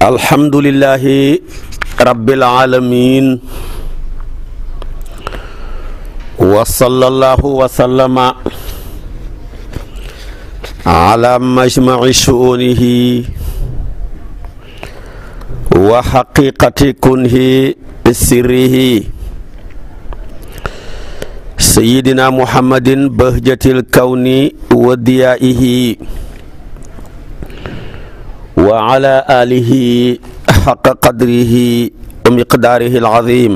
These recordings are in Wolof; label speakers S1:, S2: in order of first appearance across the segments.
S1: alhamdulillahi rabbil aalamiin wa sallallahu wa sallama ala majmaci shuunihi wa xaqiqati kunhi sirrihi sayyidina muhammadin bahjatil kawni wa diyaa'ihi wa ala alihi xaqa qadrihi miqdaarihi alazim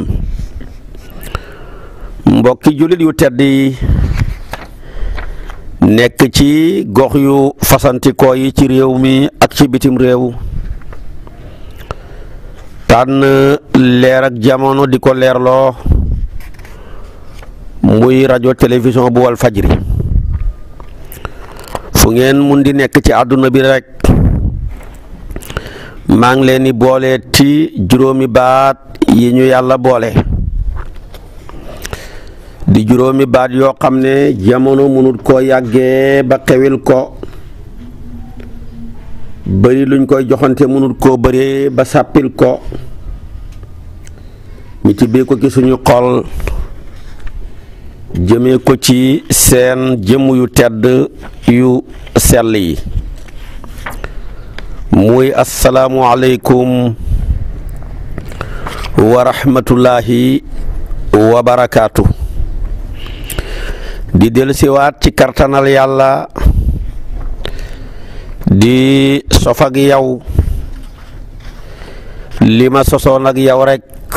S1: mbokki jullit yu tedd yi nekk ci gox yu fasantikoo yi ci réew mi ak ci bitim réew tànn leer ak jamono di ko leerloo muy rajo télévision bu Walfadjri fu ngeen mun di nekk ci àdduna bi rek maa ngi leen di boole ci juróomi baat yi ñu yàlla boole di juróomi baat yoo xam ne jamono mënut koo yàggee ba xewil ko bëri luñ koy joxante mënut koo bëree ba sàppil ko ñu ci biir ko ci suñu xol jëmee ko ci seen jëmm yu tedd yu sell yi muy asalaamualeykum wa rahmatullahi wa barakaatu di dellusiwaat ci kartanal yàlla di sof ak yow li ma sosoon yow rekk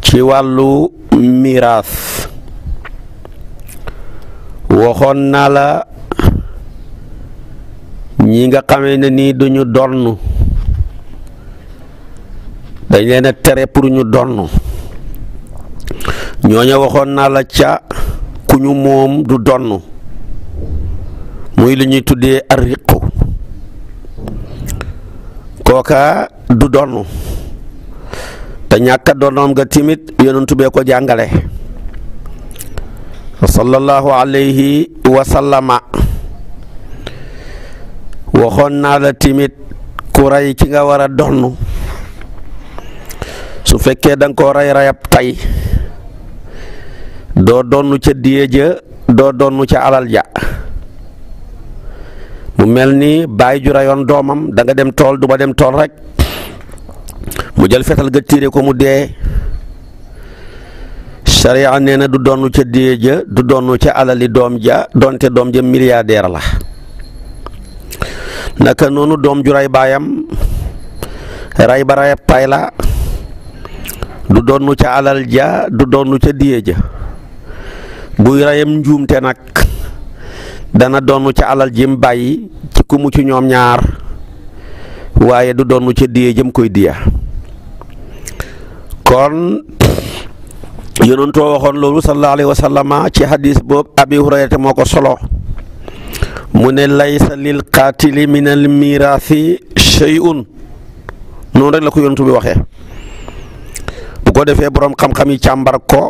S1: ci wàllu miraas waxoon naa ñi nga xamee ne nii duñu donn dañ leen tere pour ñu donn ñooña waxoon naa la ca ku ñu moom du donn muy li ñuy tuddee arriqu kooka du donn te ñàkka donnoom nga timit yonentu bee ko jàngale sallallahu alayhi wa waxoon naa la timit ku rey ki nga war a donn su fekkee danga ko rey reyab tay doo donn ca diye ja doo donn ca alal ja mu mel ni bàyyi ju reyoon doomam danga dem tool du ma dem tool rek mu jël fetal ga tiire ko mu dee sariya nee na du donn ca diye ja du donn ca alali doom ja donte doom ja milliardaire la naka noonu doom ju ray baayam ray ba rayab pay la du donnu ca alal ja du donnu ca diye ja buy rayam njuumte nag dana donnu ca alal jim bàyyi ci ku mu ci ñoom ñaar waaye du donnu ca diye jëm koy diya kon yonentoo waxoon loolu sallallahu alayhi wa sallama ci hadis boobu abi hurayrata moo ko solo mu ne lay laysa lil qaatili min al miraathi shay'un noonu rek la ko yontu bi waxee bu ko defee boroom xam-xam yi càmbar ko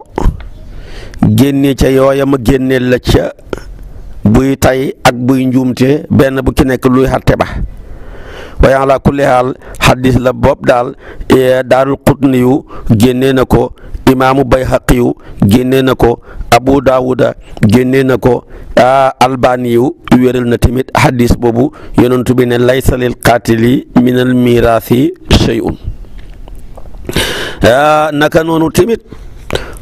S1: génne ca yooya ma génne la ca buy tay ak buy njuumte benn bu ki nekk luy xatte ba waaye ala kulli haal la bopp daal daarul qutni yu génne na ko imaamu bayhaqi yu na ko abu daawuda génnee na ko albani yu wéral na tamit hadis boobu yonentu bi ne laysa lil qaatili min miraasi shay'un naka noonu tamit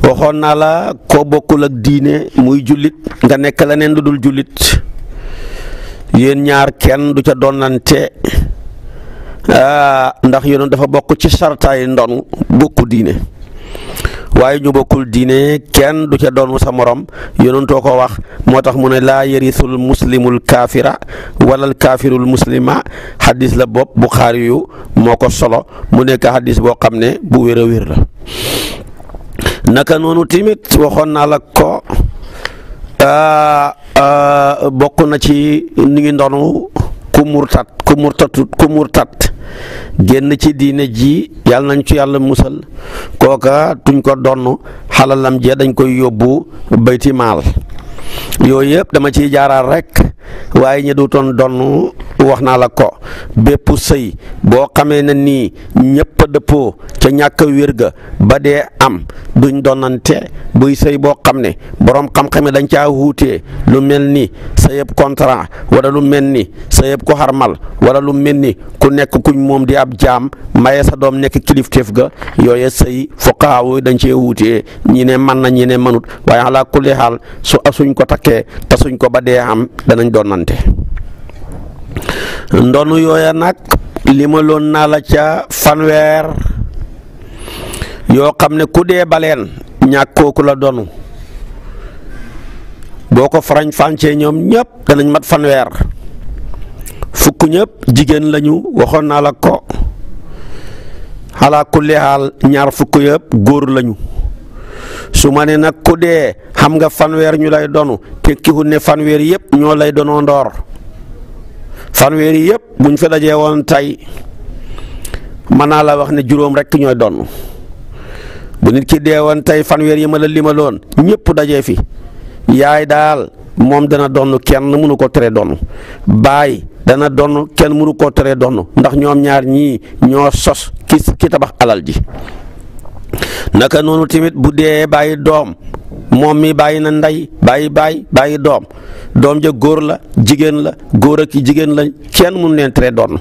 S1: waxoon naa la koo ak diine muy jullit nga nekk leneen lu dul jullit yéen ñaar kenn du ca donnante ndax yoonu dafa bokk ci sartaay ndonu bokku diine waaye ñu bokkul diine kenn du ca doonu sa morom yonentoo ko wax moo tax mu ne laa yarisul muslimul kaafira walal kaafirul muslima xadis la bopp bu yu moo ko solo mu nekk xadis boo xam ne bu wér a wér la naka noonu timit waxoon naa la ko bokk na ci ni ngi ndonu ku murtat ku murtatut ku murtat génn ci diine ji yàlla nañ ci yàlla musal kooka tuñ ko donn xalalam jee dañ koy yóbbu bayti maal yooyu yëpp dama ciy jaaral rekk waaye ñi du toon donn wax naa la ko bépp sëy boo xamee ne nii ñëpp a dëppoo ca ñàkk wér ga ba dee am duñ donante buy sëy boo xam ne boroom xam-xame dañ caa wuutee lu mel ni sa yëpp contrant wala lu mel ni sa yëpp ko xarmal wala lu mel ni ku nekk kuñ moom di ab jaam maye sa doom nekk kilifteef ga yooye sëy fuqaawu dañ cee wuutee ñi ne mën na ñi ne mënut waaye ala kulli xaal su asuñ ko takkee tasuñ ko ba dee am danañ donante ndonu yooya nag limaloon naa la ca fanweer yoo xam ne ku dee baleen ñàkkooku la donu boo ko farañ fàncee ñoom ñëpp danañ mat fanweer fukk ñëpp jigéen lañu waxoon naa la ko ala kulli xaal ñaar fukk yëpp góor lañu su ma ne nag ku dee xam nga fanweer ñu lay donnu te kiwut ne fanweer yëpp ñoo lay donoo ndoor fanweer yépp yëpp buñ fa dajee woon tey mën naa la wax ne juróom rekk ñooy donn bu nit ki dee woon tey fanweer yi ma la limaloon ñëpp dajee fi yaay daal moom dana donn kenn mënu ko tere donn baay dana donn kenn mënu ko tere donnu ndax ñoom ñaar ñii ñoo sos ki ki tabax alal ji naka noonu tamit bu dee bàyyi doom moom mi bàyyi na ndey bàyyi bàyyi bàyyi doom doom ja góor la jigéen la góor ak jigéen la kenn mun leen tere doon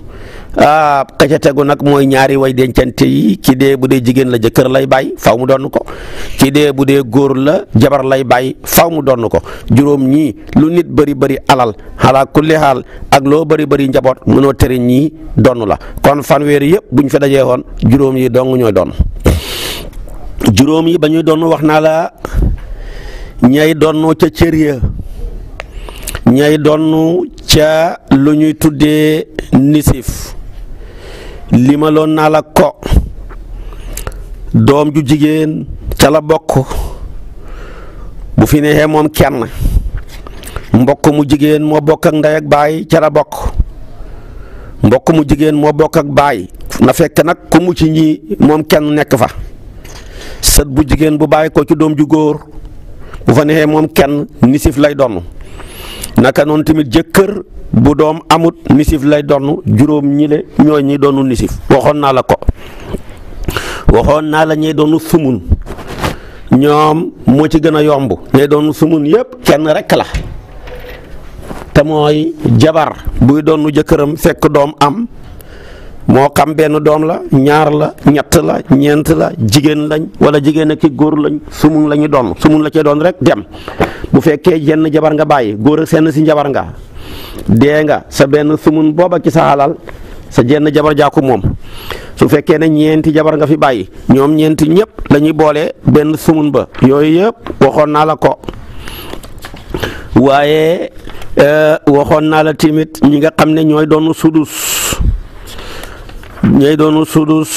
S1: ah ka tegu nag mooy ñaari way dencante yi ki dee bu dee jigéen la jëkkër lay bàyyi faw mu doon ko ki dee bu dee góor la jabar lay bàyyi faw mu doon ko juróom ñii lu nit bari bëri alal xalaa kulli xaal ak loo bari bari njaboot mënoo tere ñii doon la kon fanweeri yëpp bu ñu fa dajee juróom yi dong ñooy doon. juróom yi ba ñuy doon wax naa la ñay doon ca cër ñay doon ca lu ñuy tuddee nisif limaloon naa la ko doom ju jigéen ca la bokk bu fi neexee moom kenn mbokk mu moo bokk ak ndey ak baay ca la bokk mbokk mu jigéen moo bokk ak baay na fekk nag ku mu ci moom kenn nekk fa sët bu jigéen bu bàyyi ko ci doom ju góor bu fa neexee moom kenn nisif lay donn naka noonu tamit jëkkër bu doom amut nisif lay donn juróom ñile ñooy ñi doonu nisif waxoon naa la ko waxoon naa la ñee doonu sumun ñoom moo ci gën a yomb ñee doonu sumun yépp kenn rekk la te mooy jabar buy doonu jëkkëram fekk doom am moo kam benn doom la ñaar la ñett la ñeent la jigéen lañ wala jigéen ki góor lañ su mun la ñu doon su la cee doon rek dem bu fekkee jenn jabar nga bàyyi góor ak seen si njabar nga dee nga sa benn sumun booba ki sa alal sa jenn jabar jàkku moom su fekkee ne ñeenti jabar nga fi bàyyi ñoom ñeenti ñëpp lañuy boolee benn sumun ba yooyu yëpp waxoon naa la ko waaye eh, waxoon naa la timit ñi nga xam ne ñooy doon sudus ñooy doonu sudus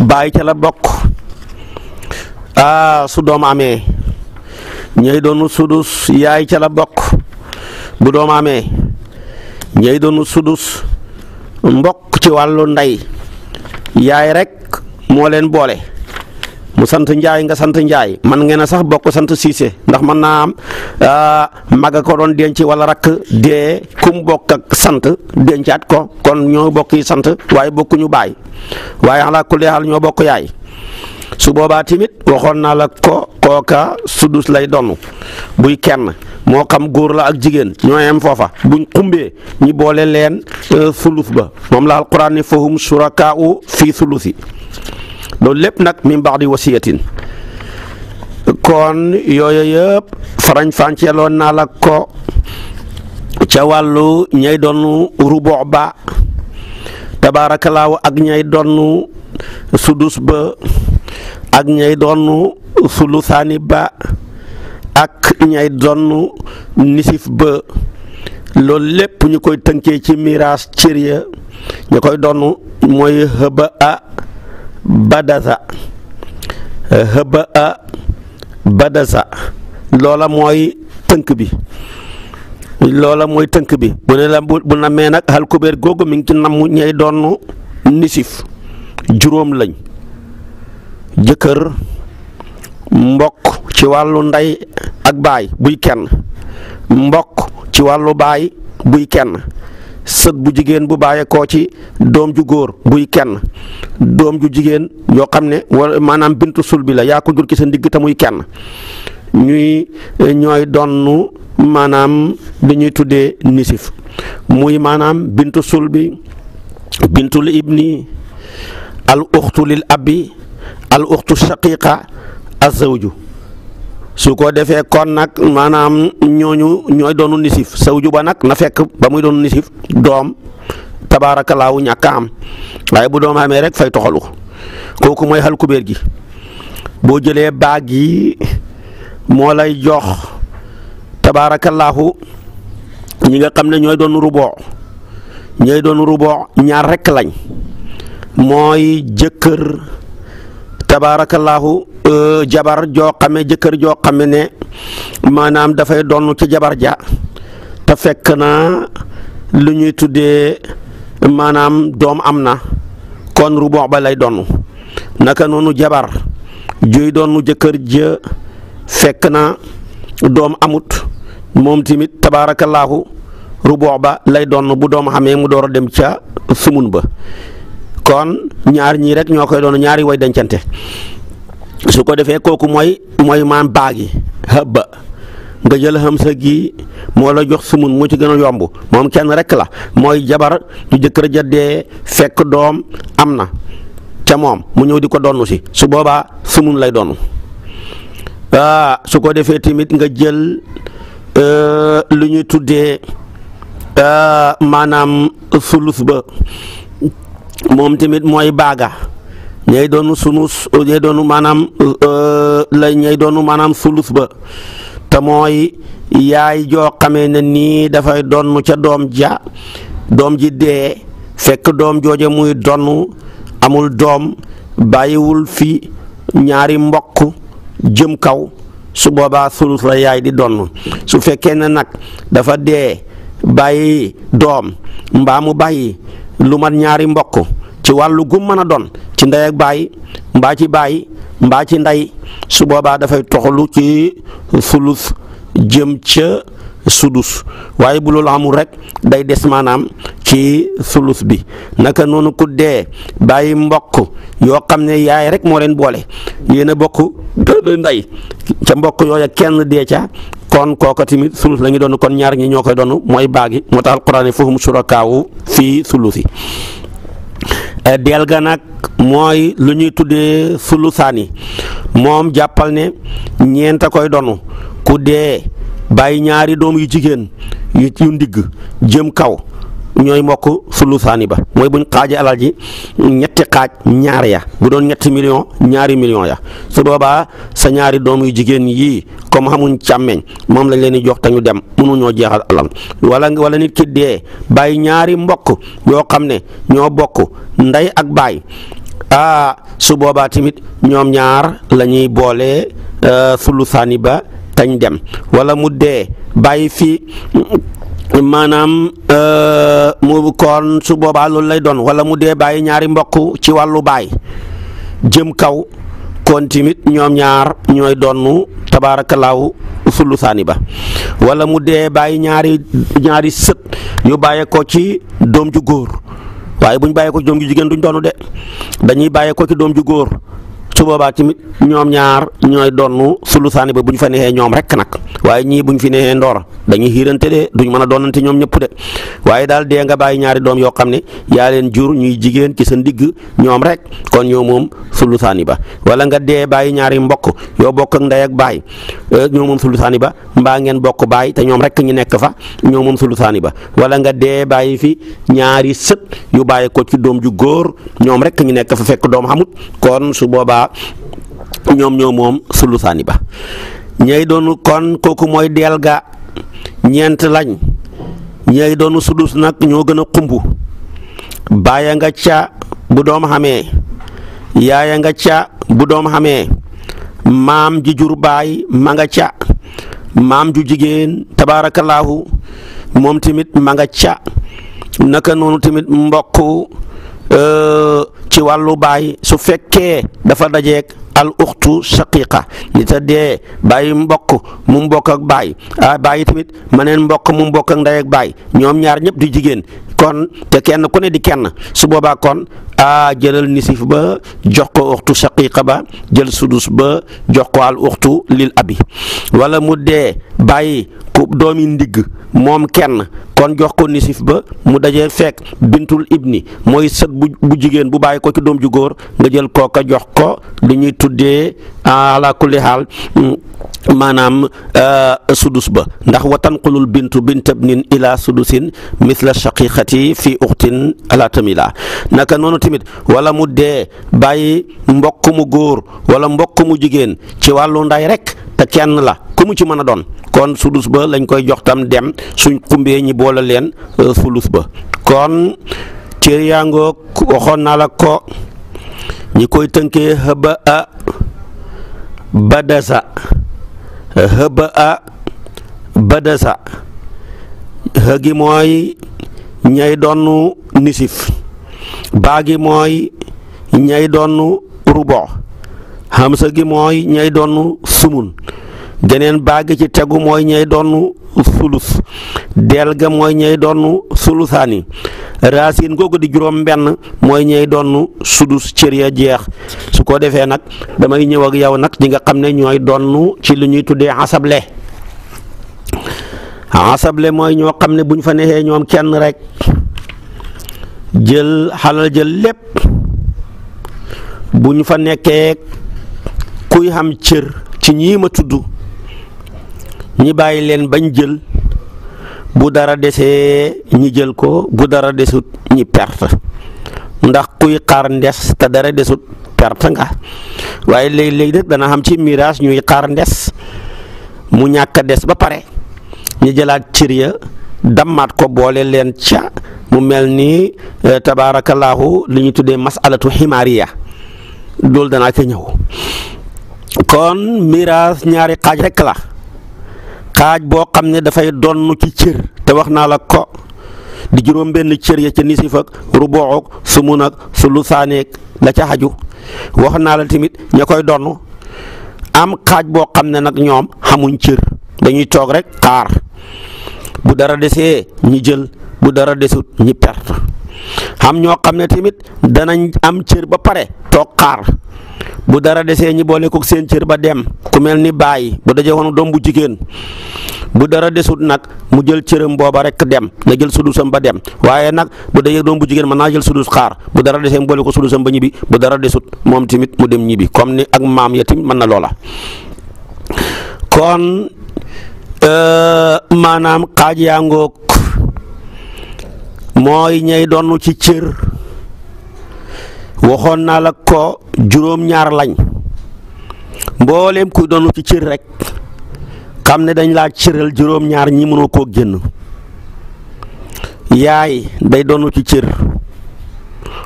S1: baay ca la bokk ah su doom amee ñooy doonu sudus yaay ca la bokk bu doom amee ñooy doonu sudus mbokk ci wàllu ndey yaay rekk moo leen boole mu sant Njaay nga sant Njaay man ngeen sax bokk sant Siise ndax man naa am ah, maga ko doon denc wala rakk dee kum bokk sant dencaat ko kon ñoo bokk yi sant waaye bokkuñu baay waaye ala kulli haal ñoo bokk yaay su boobaa timit waxoon naa la ko kooka sudus lay donnu buy kenn moo xam góor la ak jigéen ñoo yem foofa buñ xumbee ñi boole leen euh, suluf ba moom la alquran ne fahum surakaa'u fii sulusi loolu lépp nag min ba'di wasiyatin kon yooyu yëpp farañ-fànceeloon naa la ko ca wàllu ñay doon rubox ba tabaarakalaaw ak ñay doon sudus ba ak ñay doon sulusaani ba ak ñay doon nisif ba loolu lépp ñu koy tënkee ci miraas cër ya ñu koy doon mooy hëba a badasa hëba a badasa loola mooy tënk bi loola mooy tënk bi bu ne la nag hal kubéer googu mi ngi ci namm ñey doon nisif juróom lañ jëkkër mbokk ci wàllu ndey ak baay buy kenn mbokk ci wàllu baay buy kenn sët bu jigéen bu bàyyeekoo ci doom ju góor buy kenn doom ju jigéen yoo xam ne wala maanaam bintu sul bi la yaa ko jur ci sa ndigg te muy kenn ñuy ñooy donnu maanaam dañuy tuddee nisif muy maanaam bintu sul bi bintul ibni al uxtu lil abbi al uxtu shaqiqa azawju su ko defee kon nag maanaam ñooñu ñooy doonu nisif saw ba nag na fekk ba muy doonu nisif doom tabaarakalaaw ñàkk am waaye bu doom amee rek fay toxalu kooku mooy xal kubéer gi boo jëlee baag gi moo lay jox tabaarakalaahu ñi nga xam ne ñooy doon ruboo ñooy doon ruboo ñaar rekk lañ mooy jëkkër tabaarakallaahu euh, jabar joo xame jëkkër joo xame ne maanaam dafay doon ci jabar ja te fekk naa lu ñuy tuddee maanaam doom am na kon rubox ba lay donn naka noonu jabar juy doon jëkkër ja fekk naa doom amut moom tamit tabaarakallaahu rubox ba lay donn bu doom xamee mu door a dem ca sumun ba kon ñaar ñii rek ñoo koy doon ñaari way dencante su ko defee kooku mooy mooy maam baagi hëbba nga jël hamsa gi moo la jox sumun moo ci gën a yomb moom kenn rek la mooy jabar du jëkkër ja dee fekk doom am na ca moom mu ñëw di ko donnu si su boobaa sumun lay donnu ah, su ko defee tamit nga jël euh, lu ñuy tuddee euh, maanaam sulus ba moom tamit mooy baaga ñay doonu sunus ñay doonu maanaam euh, la ñay doonu maanaam sulus ba te mooy yaay joo xamee ne nii dafay donn ca doom ja doom ji dee fekk doom jooje muy donn amul doom bàyyiwul fi ñaari mbokk jëm kaw su boobaa sulus la yaay di donn su fekkee ne nag dafa dee bàyyi doom mbaa mu bàyyi lu mat ñaari mbokk ci wàllu gum mën a doon ci ndey ak baay mbaa ci baay mbaa ci ndey su boobaa dafay toxalu ci sulus jëm ca sudus waaye bu loolu amul rek day des maanaam ci sulus bi naka noonu ku dee bàyyi mbokk yoo xam ne yaay rek moo leen boole yéen a bokk ndey ca mbokk yooya kenn dee ca kon kooka tamit sulus lañuy ñu kon ñaar ñi ñoo koy doon mooy baagi moo tax alquran yi fahum shurakaawu fii sulusi eh, deel ga nag mooy lu ñuy tuddee sulusaani moom jàppal ne ñeenta koy donu ku dee bàyyi ñaari doom yu jigéen yu yu ndigg jëm kaw ñooy mokk saani ba mooy buñ xaajee alal ji ñetti xaaj ñaar ya bu doon ñetti million ñaari million ya su boobaa sa ñaari doom yu jigéen yii comme xamuñ càmmeñ moom lañ leen di jox te ñu dem mënuñoo jeexal alal wala wala nit ki dee bàyyi ñaari mbokk yoo xam ne ñoo bokk ndey ak baay ah su boobaa tamit ñoom ñaar la ñuy boole euh, sulusaani ba tañ dem wala mu dee bàyyi fii. maanaam euh, mu koon su boobaa loolu lay doon wala mu dee bàyyi ñaari mbokk ci wàllu baay jëm kaw kon tamit ñoom ñaar ñooy doonu sulu saani ba wala mu dee bàyyi ñaari ñaari sët yu bàyyee ko ci doom ju góor waaye buñ ñu bàyyee ko ci doom ju jigéen duñ doonu de dañuy bàyyee ko ci doom ju góor su boobaa tamit ñoom ñaar ñooy donnu sulusaani ba bu ñu fa neexee ñoom rek nag waaye ñii bu ñu fi neexee ndoor dañuy xiirante de duñ mën a doonante ñoom ñëpp de waaye daal dee nga bàyyi ñaari doom yoo xam ne yaa leen jur ñuy jigéen ci sa ndigg ñoom rek kon ñoo moom sulusaani ba wala nga dee bàyyi ñaari mbokk yoo bokk ak ak baay eh, ñoo moom sulusaani ba mbaa ngeen bokk baay te ñoom rek ñu nekk fa ñoo moom sulusaani ba wala nga dee bàyyi fi ñaari sët yu bàyyi ko ci doom ju góor ñoom rek ñu nekk fa fekk doom xamut kon su ñoom ñoo moom sulusaani ba ñay doonu kon kooku mooy deel ñeent lañ ñay doonu sulus nag ñoo gën a xumb baaya nga ca bu doom xamee yaaya nga ca bu doom xamee maam ji jur baay ma nga ca maam ju jigéen tabaarakallaahu moom tamit ma nga ca naka noonu tamit mbokk ci wàllu baay su fekkee dafa dajeeg al uxtu shaqiqa li ta dee bàyyi mbokk mu mbokk ak baay bàyyi tamit ma neen mbokk mu mbokk ak ndey ñoom ñaar ñëpp di jigéen kon te kenn ku ne di kenn su boobaa kon a jëlal nisif ba jox ko uxtu shaqiqa ba jël sudus ba jox ko al uxtu lil abi walla mu dee bàyyi ku doomi ndigg moom kenn kon jox ko nisif ba mu dajee fekk bintul ibni mooy sët bu bu jigéen bu bàyyi ko ci doom ju góor nga jël kooka jox ko li ñuy tuddee ala kulli haal mm, maanaam euh, sudus ba ndax wa tanqulul bintu bintab nin ila sudusin misla shaqiqati fi uxtin ala tamila naka noonu tamit wala mu dee bàyyi mbokk mu góor wala mbokk mu jigéen ci wàllu nday rek te kenn la ku ci mën a doon kon sudus ba lañ koy jox tam dem suñ xumbee ñi boole leen euh, sulus ba kon cër yaa ngoog naa la ko ñi koy tënkee haba a hëbaa badasa hëgi mooy ñay donn nisif baa gi mooy ñay donn rubo hamsa gi mooy ñay donn sumun geneen baagi ci tegu mooy ñey doon sulus del ga mooy ñey doon sulusaani racine kooku di juróom benn mooy ñey doon sudus cër ya jeex su ko defee nag damay ñëw ak yow nag ñi nga xam ne ñooy doon ci li ñuy tuddee asable asable mooy ñoo xam ne bu ñu fa neexee ñoom kenn rek jël xalal jël lépp bu ñu fa nekkee kuy xam cër ci ñii ma tudd ñi bàyyi leen bañ jël bu dara desee ñi jël ko bu dara desut ñi perte ndax kuy xaar ndes te dara desut perte nga waaye léeg-léeg nag dana xam ci miraas ñuy xaar ndes mu ñàkk a des ba pare ñu jëlaat cër ya ko boole leen ca mu mel ni eh, tabaarakallaahu li ñu tuddee masalatu ximaariya loolu danaa ca ñëw kon miraas ñaari xaaj rekk la xaaj boo xam ne dafay donn ci cër te wax naa la ko di juróom benn cër ya ca nisif ak su ak sumun ak sulusaaneeg la ca xaju wax naa la tamit ña koy donn am xaaj boo xam ne nag ñoom xamuñ cër dañuy toog rek xaar bu dara desee ñi jël bu dara desut ñi perte xam ñoo xam ne tamit danañ am cër ba pare toog xaar bu dara desee ñi boole kook seen cër ba dem ku mel ni baay bu dajee woon doom bu jigéen bu dara desut nag mu jël cëram booba rek dem na jël sudusam ba dem waaye nag bu dajee doom bu jigéen mën naa jël sudus xaar bu dara desee mu boole ko sudusam ba ñibbi bu dara desut moom tamit mu dem ñibbi comme ni ak maam ya tamit mën na loola kon euh, maanaam kaaj yaa mooy ñay donn ci cër waxoon naa la ko juróom-ñaar lañ mbooleem kuy doon ci cër rekk xam ne dañ la cëral juróom-ñaar ñi mënoo koo génn yaay day doon ci cër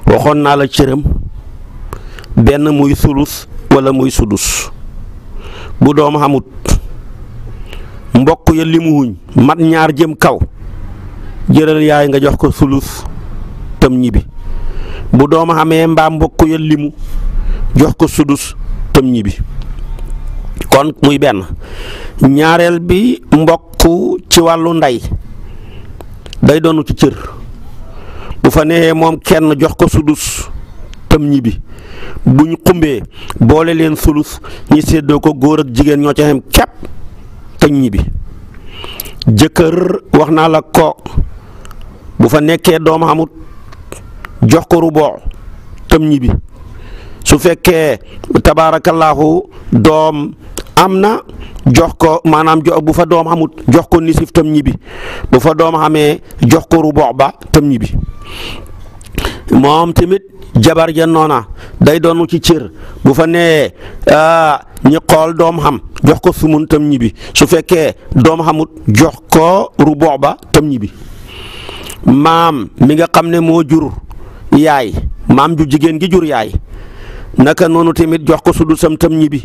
S1: waxoon naa la cëram benn muy sulus wala muy sudus bu doom amut mbokk ya limuwuñ mat ñaar jëm kaw jëral yaay nga jox ko sulus tam ñibbi bu dooma xamee mbaa mbokk ya limu jox ko sudus tëm ñi bi kon muy benn ñaareel bi mbokk ci wàllu ndey day doonu ci cër bu fa neexee moom kenn jox ko sudus tëm ñi bi buñ xumbee boole leen sulus ñi séddoo ko góor ak jigéen ñoo ci xem képp tëñ ñi bi jëkkër wax naa la ko bu fa nekkee doom amut jox ko ruboo tam ñibbi su fekkee tabaarakallaahu doom am na jox ko maanaam jo bu fa doom amut jox ko nisif tam ñibbi bu fa doom xamee jox ko ruboo ba tam ñibbi moom tamit jabar ja noona day doon ci cër bu fa nee ah, ñi xool doom xam jox ko sumun tam ñibbi su fekkee doom xamut jox ko ruboo ba tam ñibbi maam mi nga xam ne moo jur yaay maam ju jigéen gi jur yaay naka noonu tamit jox ko sudusam tam ñibbi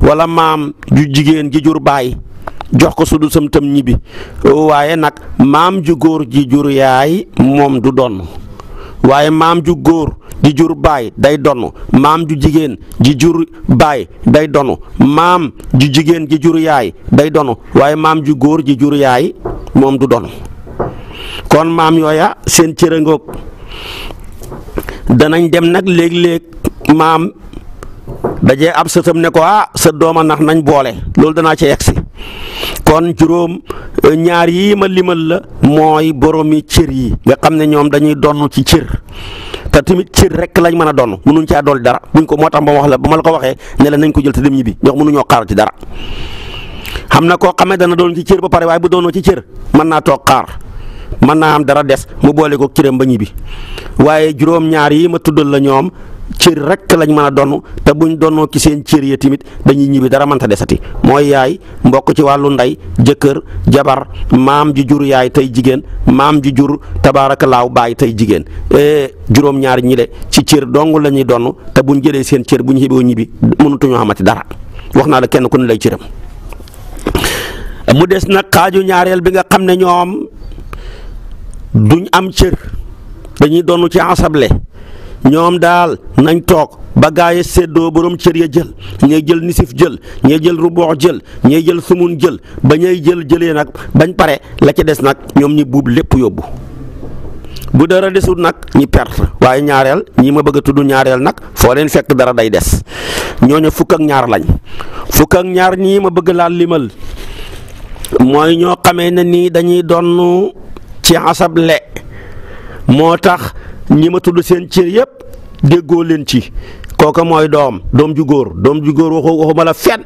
S1: wala maam ju jigéen gi jur baay jox ko sudusam tam ñibbi waaye nag maam ju góor ji jur moom du donn waaye maam ju góor ji jur baay day donn maam ju jigéen ji jur baay day donn maam ju jigéen ji jur yaay day donn waaye maam ju góor ji jur yaay moom du donn kon maam yooya seen cërëngoog danañ dem nag léeg-léeg maam dajee ab sëtam ne ko ah sa doom a nax nañ boole loolu danaa ca yegsi kon juróom euh, ñaar yii ma limal la mooy boromi cër yii nga xam ne ñoom dañuy donn ci cër te tamit cër rek lañ mën a donn mënuñ caa dool dara buñ ko moo tax ba wax la ba ma la ko waxee nela nañ ko jël te dem ñibbi ñox mënuñoo xaar ci dara xam na koo xamee dana doon ci cër ba pare waaye bu doonoo ci cër mën naa toog xaar mën naa am dara des mu boole ko cëram ba ñibbi waaye juróom-ñaar yi ma tuddal la ñoom cër rek lañ mën a donn te buñ donnoo ki seen cër ya tamit dañuy ñibbi dara mënta desati mooy yaay mbokk ci wàllu ndey jëkkër jabar maam ju jur yaay tey jigéen maam ju jur tabaarakalaaw baay tey jigéen e, juróom-ñaar ñi de ci cër dong la donn te buñ jëlee seen cër buñ xiboo ñibbi mënatuñoo xamati dara wax naa la kenn ku ne lay cëram mu des nag xaaju ñaareel duñ am cër dañuy doon ci assemblée ñoom daal nañ toog ba gaay seddoo boroom cër ya jël ñay jël nisif jël ñay jël ruboox jël ñay jël sumun jël ba ñay jël jëlee nag bañ pare la ca des nag ñoom ñi buub lépp yóbbu bu dara desul nag ñi perte waaye ñaareel ñii ma bëgg tudd ñaareel nag foo leen fekk dara day des ñooñu fukk ak ñaar lañ fukk ñaar ñii ma bëgg laal limal mooy ñoo xamee ne nii dañuy doon ci asable moo tax ñi ma tudd seen cër yëpp déggoo leen ci kooka mooy doom doom ju góor doom ju góor waxu waxuma la fen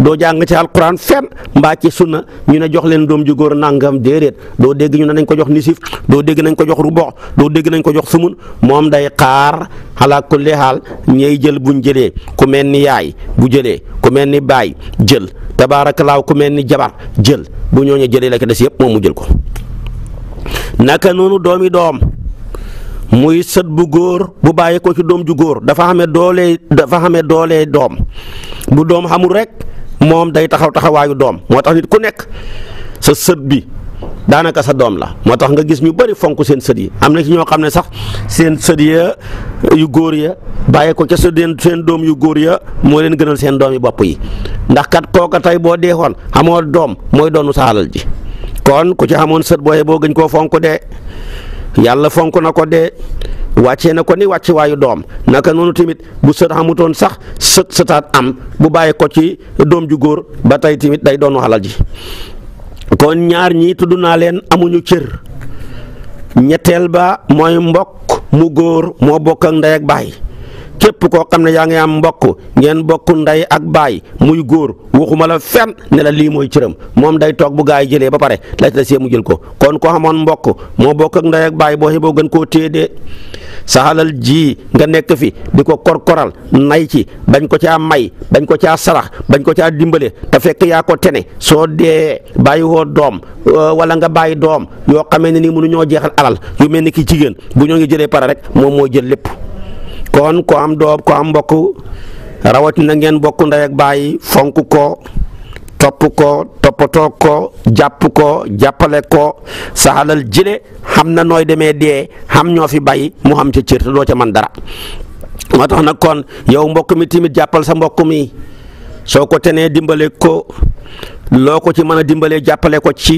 S1: doo jàng ci alquran fen mbaa ci sunna ñu ne jox leen doom ju góor nangam déedéet doo dégg ñu ne dañ ko jox nisif doo dégg nañ ko jox rubox doo dégg nañ ko jox sumun moom day xaar ala kulli xaal ñey jël buñ jëlee ku mel ni yaay bu jëlee ku mel ni baay jël tabaarakallaahu ku mel ni jabar jël bu ñooñu jëlee la ko des yëpp moom mu jël ko. naka noonu doomi doom muy sët bu góor bu bàyyi ko ci doom ju góor dafa xamee doole dafa xame doole doom bu doom xamul rek moom day taxaw taxawaayu doom moo tax nit ku nekk sa sët bi daanaka sa doom la moo tax nga gis ñu bari fonk seen sët yi am na ci ñoo xam ne sax seen sët ya yu góor ya bàyyi ko ca seen seen doom yu góor ya moo leen gënal seen doom yi bopp yi ndax kat kooka tey boo deexoon xamoo doom mooy doonu sa alal ji. kon ku ci amoon sët booye boo gën koo fonk de yàlla fonk na ko de wàccee na ko ni wàcce waayu doom naka noonu tamit bu sët xamutoon sax sët sëtaat am bu bàyyi ko ci doom ju góor ba tey tamit day doon xalal ji kon ñaar ñii tudd naa leen amuñu cër ñetteel ba mooy mbokk mu góor moo bokk ak ndey ak baay képp koo xam ne yaa ngi am mbokku ngeen bokk ndey ak baay muy góor waxuma la fenn ne lii mooy cëram moom day toog bu gaa yi jëlee ba pare la ci desee mu jël ko kon ko xamoon mbokk moo bokk ak ndey ak baay boo xeboo gën koo téye de sa xalal ji nga nekk fi di ko kor korkoral nay ci bañ ko caa may bañ ko caa sarax bañ ko caa dimbale te fekk yaa ko tene soo dee bàyyi woo doom euh, wala nga bàyyi doom yoo xamee ne nii mënu ñoo jeexal alal yu mel ni ki jigéen bu ñoo ngi jëlee pare rek moom moo jël lépp kon ko am doob ko am mbokk rawatina ngeen bokk ndey ak baay fonk ko topp ko toppatoo ko jàpp ko jàppale ko sa alal jile xam na nooy demee dee xam ñoo fi bàyyi mu xam ca cër te doo ca man dara moo tax nag kon yow mbokk mi timit jàppal sa mbokk mi soo ko tenee dimbale ko loo ko ci mën a dimbalee jàppale ko ci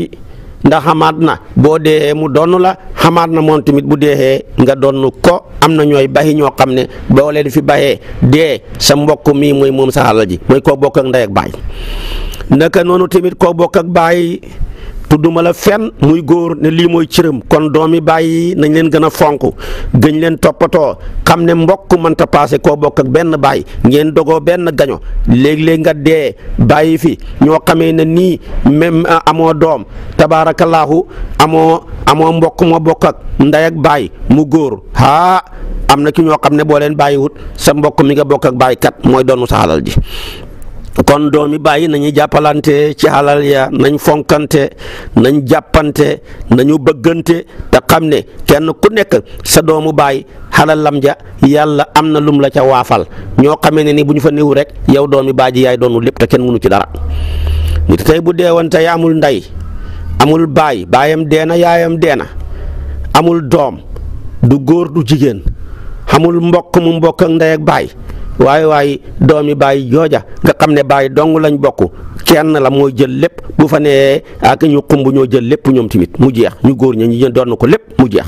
S1: ndax xamaat na boo dee mu donn la xamaat na moom tamit bu dee nga donn ko am na ñooy bayi ñoo xam ne boo leen fi bayee dee sa mbokk mii mooy moom sa alal ji mooy koo bokk ak ndey baay naka noonu tamit koo bokk ak baay tudduma la fenn muy góor ne lii mooy cëram kon doomi bàyyi nañ leen gën a fonk gëñ leen toppatoo xam ne mbokk mënta paase koo bokk ak benn baay ngeen dogoo benn gaño léeg-léeg nga dee bàyyi fi ñoo xamee ne nii même amoo doom tabaarakallaahu amoo amoo mbokk moo bokk ak ndey bàyyi mu góor haa am na ki ñoo xam ne boo leen bàyyiwut sa mbokk mi nga bokkak ak kat mooy doon sa alal ji kon doomi bàyyi nañu jàppalante ci alal ya nañ fonkante nañ jàppante nañu bëggante te xam ne kenn ku nekk sa doomu bàyyi xalalam ja yàlla am na lum la ca waafal ñoo xamee ne ni bu ñu fa néew rek yow doomi bàyyi yaay doonu lépp te kenn mënu ci dara nit tey bu deewoon tey amul ndey amul baay baayam deena yaayam deena amul doom du góor du jigéen amul mbokk mu mbokk ak baay waaye waaye doomi baay jooja nga xam ne baay dong lañ bokk kenn la mooy jël lépp bu fa nee ak ñu xumb ñoo jël lépp ñoom tamit mu jeex ñu góor ña ñu doon ko lépp mu jeex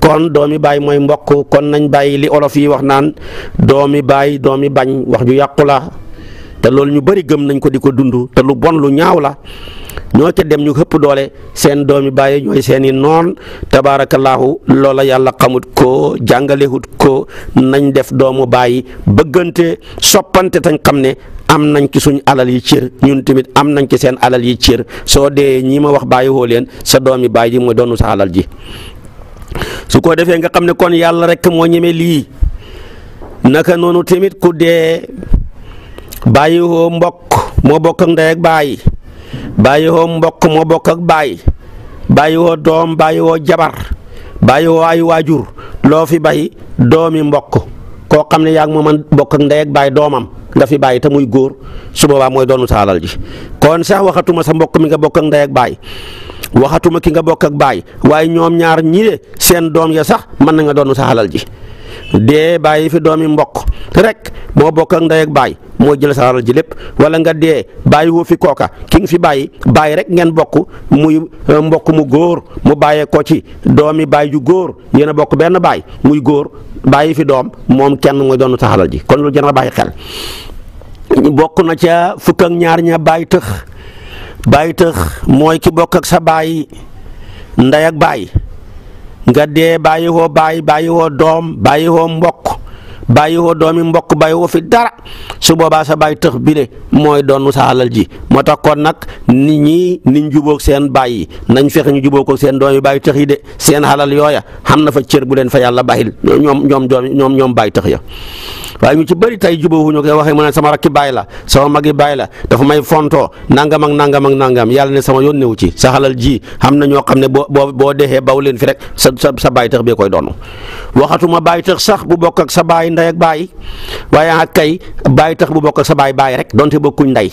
S1: kon doomi baay mooy mbokk kon nañ bàyyi li olof yi wax naan doomi baay doomi bañ wax ju yàqu la te loolu ñu bari gëm nañ ko di ko dund te lu bon lu ñaaw la ñoo ca dem ñu xëpp doole seen doomi bàyyi ñooy seeni noon tabaarakallaahu loola yàlla xamut ko jàngalewut ko nañ def doomu bàyyi bëggante soppante tañ xam ne am nañ ci suñ alal yi cër ñun tamit am nañ ci seen alal yi cër soo dee ñi ma wax bàyyi woo leen sa doomi bàyyi yi mooy doonu sa alal ji su ko defee nga xam ne kon yàlla rek moo ñeme lii naka noonu tamit ku dee bàyyi woo mbokk moo bokk ak bàyyi bàyyi woo mbokk ma bokk ak baay bàyyi woo doom bàyyi woo jabar bàyyi woo ay waajur loo fi bàyyi doomi mbokk koo xam ne yaa ngi moom bokk ak ndey ak baay doomam nga fi bàyyi te muy góor su boobaa mooy doonu sa alal ji kon sax waxatuma sa mbokk mi nga bokk ak ndey ak baay waxatuma ki nga bokk ak baay waaye ñoom ñaar ñi de seen doom ya sax mën na nga doonu sa alal ji dee bàyyi fi doomi mbokk rek moo bokk ak ndey ak baay moo jël sa alal ji lépp wala nga dee bàyyi woo fi kooka ki nga fi bàyyi bàyyi rek ngeen bokk muy euh, mbokk mu góor mu bàyyee ko ci doomi baay ju góor ngeen a bokk benn baay muy góor bàyyi fi doom moom kenn mooy doonu sa alal ji kon loolu jar bàyyi xel bokk na ca fukk ak ñaar ña baay tëx baay tëx mooy ki bokk ak sa baay ndey ak baay nga dee bàyyi woo bàyyi bàyyi woo doom bàyyi woo mbokk bàyyi woo doomi mbok bàyyi woo fi dara su boobaa sa bàyyi tëx bi ne mooy doon doonu sa alal ji moo tax kon nag nit ñi niñ jubook seen bàyyi nañ fexe ñu jubóog ko seen doom yi bàyyi tëx yi de seen alal yooya xam na fa cër bu leen fa yàlla bàyyil ñoom ñoom doom ñoom ñoom bàyyi tëx ya waaye ñu ci bëri tey jubóowuñu koy waxee ma ne sama rakki baay la sama magi baay la dafa may fontoo nangam ak nangam ak nangam yàlla ne sama yoon newu ci sa xalal ji xam na ñoo xam ne boo boo boo dexee baw leen fi rek sa sa sa baay tax bee koy doon waxatuma baay tax sax bu bokk ak sa baay ndey ak baay waaye ak kay baay tax bu bokk ak sa baay baay rek donte bokkuñ ndey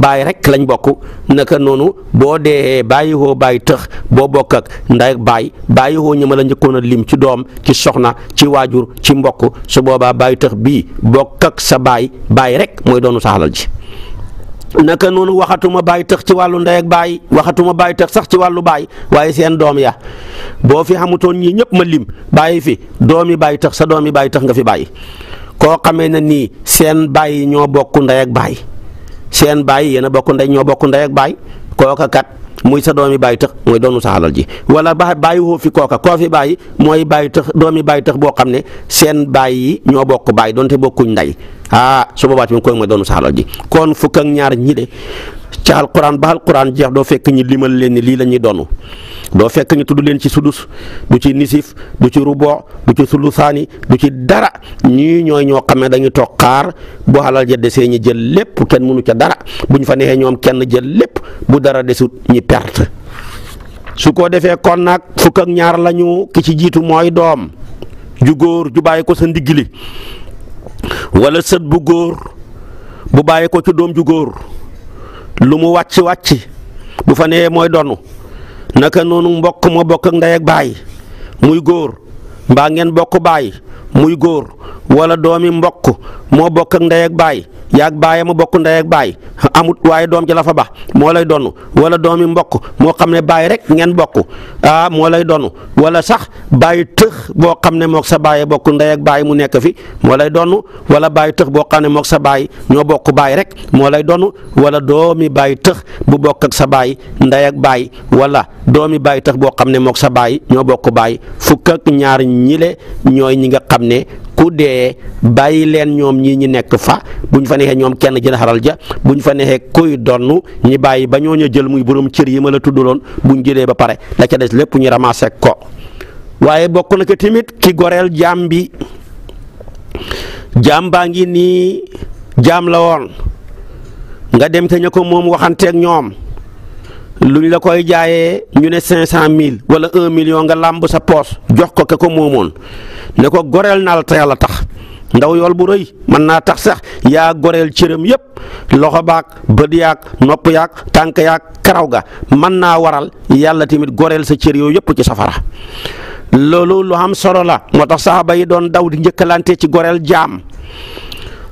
S1: baay rek lañ bokk naka noonu boo dee bàyyihoo bàyyi tëx boo bokk ak nday ak baay bàyyihoo ñi ma la njëkkoon a lim ci doom ci soxna ci waajur ci mbokk su boobaa bàyyi tëx bii bokk ak sa baay bàyyi rek mooy doonu sa ji naka noonu waxatuma bàyyi tëx ci wàllu ndey ak baay waxatuma bàyyi tëx sax ci wàllu baay waaye seen doom ya boo fi xamutoon ñii ñëpp ma lim bàyyi fi doomi bàyyi tëx sa doomi bàyyi tëx nga fi bàyyi koo xamee na nii seen baay ñoo bokk ndey baay seen baay yéen a bokk ndey ñoo bokk ndey ak baay kooka kat muy sa doomi baay tëx mooy doonu sa alal ji wala ba bàyyi woo fi kooka koo fi bàyyi mooy baay tëx doomi baay tëx boo xam ne seen baay yi ñoo bokk baay donte bokkuñ ndey ah su boobaa tamit kooku mooy doonu sa alal ji kon fukk ak ñaar ñi de ca alquran ba alquran jeex doo fekk ñi limal leen ni lii lañuy ñuy doo fekk ñu tudd leen ci sudus du ci nisif du ci rubo du ci sulusaani du ci dara ñii ñooy ñoo xam ne dañu toog xaar bu xalal ja desee ñi jël lépp kenn munu ca dara bu ñu fa neexee ñoom kenn jël lépp bu dara desut ñi perte su ko defee kon nag fukk ñaar lañu ki ci jiitu mooy doom ju góor ju bàyyi ko sa ndigg li wala sët bu góor bu bàyyi ko ci doom ju góor lu mu wàcc wàcc bu fa neexee mooy donnu naka noonu mbokk ma bokk ak ndey ak baay muy góor mbaa ngeen bokk baay muy góor wala doomi mbokk moo bokk ak ndey ak baay yaag baay ma bokk ndey ak baay amut waaye doom ci la fa bax moo lay donn wala doomi mbokk moo xam ne baay rek ngeen bokk ah moo lay donn wala sax baay tëx boo xam ne moog sa baay bokk ndey ak baay mu nekk fi moo lay donn wala baay tëx boo xam ne moog sa baay ñoo bokk baay rek moo lay donn wala doomi baay tëx bu bokk sa baay ndey ak baay wala doomi baay tëx boo xam ne mook sa baay ñoo bokk baay fukk ñaar ñile ñooy ñi nga xam xam ne ku dee bàyyi leen ñoom ñii ñi nekk fa bu ñu fa nekkee ñoom kenn jël xaral ja bu ñu fa neexee kuy donn ñi bàyyi ba ñoo ñu jël muy borom cër yi ma la tudd tuddaloon bu ñu jëlee ba pare la ca des lépp ñu ramassé ko waaye bokk na ko tamit ki goreel jaam bi jaam baa ngi nii jaam la woon nga dem te ña ko moom waxanteeg ñoom lu ñu la koy jaayee ñu ne cinq cent mille wala un million nga làmb sa poos jox ko ka ko moomoon ne ko goreel naa la tax ndaw yool bu rëy mën naa tax sax yaa goreel cëram yëpp loxo baag bët yaag nopp yaag tànk yaag karaw ga mën naa waral yàlla tamit goreel sa cër yooyu yëpp ci safara loolu lu am solo la moo tax saxaaba yi doon daw di njëkkalante ci goreel jaam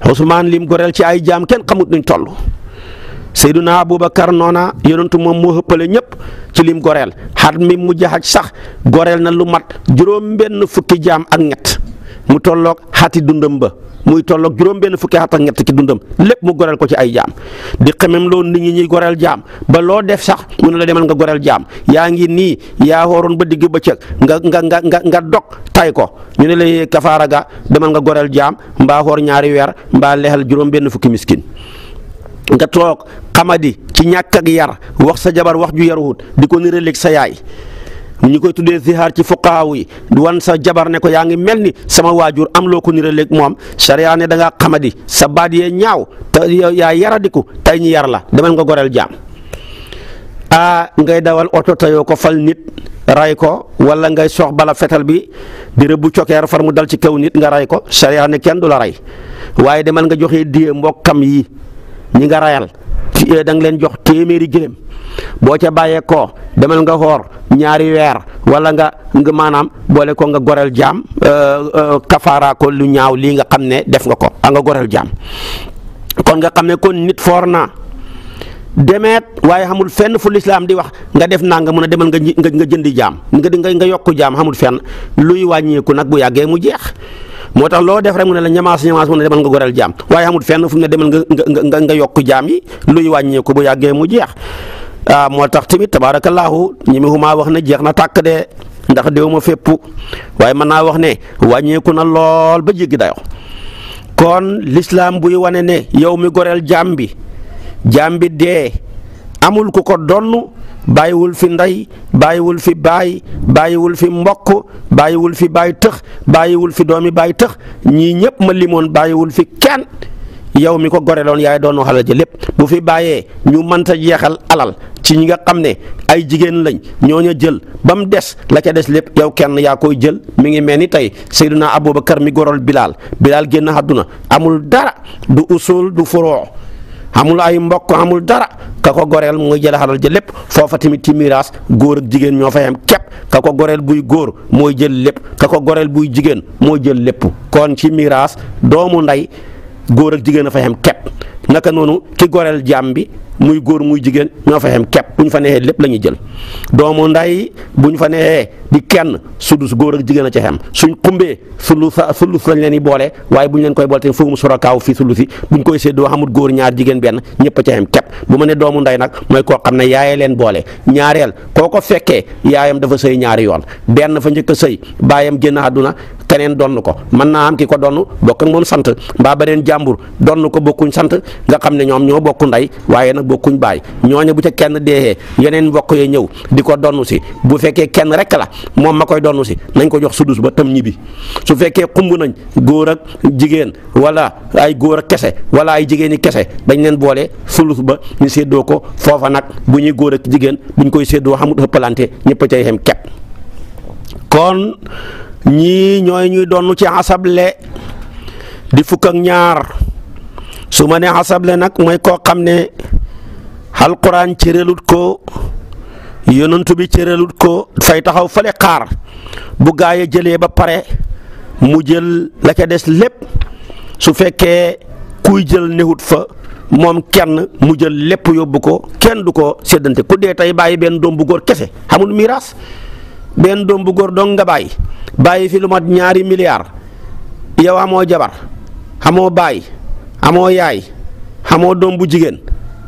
S1: Usmaan lim goreel ci ay jaam kenn xamut nuñ toll. Seyduna Aboubacar noona yonentu moom moo ëppale ñëpp ci lim goreel xat mi mu jaxaj sax goreel na lu mat juróom benn fukki jaam ak ñett mu tolloog xati dundam ba muy tolloog juróom benn fukki xat ak ñett ci dundam lépp mu goreel ko ci ay jaam di xemem loolu nit ñi ñuy goreel jaam ba loo def sax mu ne la demal nga goreel jaam yaa ngi nii yaa xooroon ba digg bëccëg nga nga nga nga nga dog tay ko ñu ne la kafaara ga demal nga goreel jaam mbaa xoor ñaari weer mbaa lexal juróom benn fukki miskin nga toog xamadi ci ñàkk ak yar wax sa jabar wax ju yaruwut di ko nireeleeg sa yaay ñu koy tuddee zihaar ci fuqaaw yi wan sa jabar ne ko yaa ngi mel ni sama waajur am loo ko nireeleeg moom sariya ne da ngaa xamadi sa baat yee ñaaw te yaa yaradiku tey ñu yar la demal nga goreel jaam a ngay dawal oto tayoo ko fal nit ray ko wala ngay sox bala fetal bi di rëbbu cokeer far mu dal ci kaw nit nga ray ko sariya kenn du la rey waaye demal nga joxe diye mbokkam yi. ñi nga rayal da nga leen jox téeméeri gëléem boo ca bàyyee koo demal nga xoor ñaari weer wala nga nga maanaam boole ko nga goreel jaam euh, euh, kafaara ko lu ñaaw lii nga xam ne def nga ko a nga goreel jaam kon nga xam ne kon nit foor na demeet waaye xamul fenn fu lislaam di wax nga def naa nga mën a demal nga nga jëndi jaam nga nga yokku jaam xamul fenn luy wàññeeku nag bu yàggee mu jeex moo tax loo def rek mu ne la ñamaas ñamaas mu ne demal nga goreel jaam waaye amul fenn fu mu ne demal nga nga nga yokk jaam yi luy wàññeeku bu yàggee mu jeex ah moo tax tamit tabaarakallaahu ñi mi xumaa wax na jeex na tàkk de ndax déw ma fépp waaye mën naa wax ne wàññeeku na lool ba jéggi dayo kon lislaam buy wane ne yow mi goreel jaam bi jaam bi dee amul ku ko donn bàyyiwul fi ndey bàyyiwul fi baay bàyyiwul fi mbokk bàyyiwul fi baay tëx bàyyiwul fi doomi baay tëx ñii ñëpp ma limoon bàyyiwul fi kenn yow mi ko gore loon yaay doon waxal ji lépp bu fi bàyyee ñu mënta jeexal alal ci ñi nga xam ne ay jigéen lañ ñooña jël ba mu des la ca des lépp yow kenn yaa koy jël mi ngi mel ni tey Seydina Aboubacar mi gorol Bilal Bilal génn àdduna amul dara du usul du furoo amul ay mbokk amul dara ka ko goreel mu ngi jël xalal ja lépp foofa tamit ci miraas góor ak jigéen ñoo fa yem képp ka ko goreel buy góor mooy jël lépp ka ko goreel buy jigéen mooy jël lépp kon ci miraas doomu ndey góor ak jigéen a fa yem képp naka noonu ki goreel jaam bi muy góor muy jigéen ñoo fa xem kepp bu ñu fa neexee lépp la ñuy jël doomu nday bu ñu fa neexee di kenn su sudus góor ak jigéen a ca xem suñ xumbee sulus sulus lañ leen di boole waaye bu ñu leen koy boole te fu mu sorakaaw fii sulusi bu ñu koy séddoo xamul góor ñaar jigéen benn ñëpp a ca xem kepp bu ma ne doomu nday nag mooy koo xam ne yaayee leen boole ñaareel koo ko fekkee yaayam dafa sëy ñaari yoon benn fa njëkk a baayam génn àdduna keneen donn ko mën naa am ki ko donn bokkuñ ak sant mbaa beneen jàmbur donn ko bokkuñ sant nga xam ne ñoom ñoo bokk ndey waaye nag bokkuñ baay ñooñu bu ca kenn dee yeneen mbokk yee ñëw di ko donn si bu fekkee kenn rek la moom ma koy donn si nañ ko jox sudus ba tam ñibbi su fekkee xumb nañ góor ak jigéen wala ay góor ak kese wala ay jigéeni kese dañ leen boole sulus ba ñu séddoo ko foofa nag bu ñuy góor ak jigéen buñ koy séddoo xamut ëppalante ñëpp cay xem kepp kon ñii ñooy ñuy doon donn ci asable di fukk ñaar su ma ne xasable nag mooy koo xam ne alquran cëralut ko yonantu bi cëralut ko fay taxaw fale xaar bu gaa a jëlee ba pare mu jël la ca des lépp su fekkee kuy jël newut fa moom kenn mu jël lépp yóbbu ko kenn du ko seddante ku dee tey bàyyi benn doom bu góor kese xamul miiras benn doom bu góor dong nga bàyyi bàyyi fi lu mat ñaari milliards yow amoo jabar amoo baay amoo yaay amoo doom bu jigéen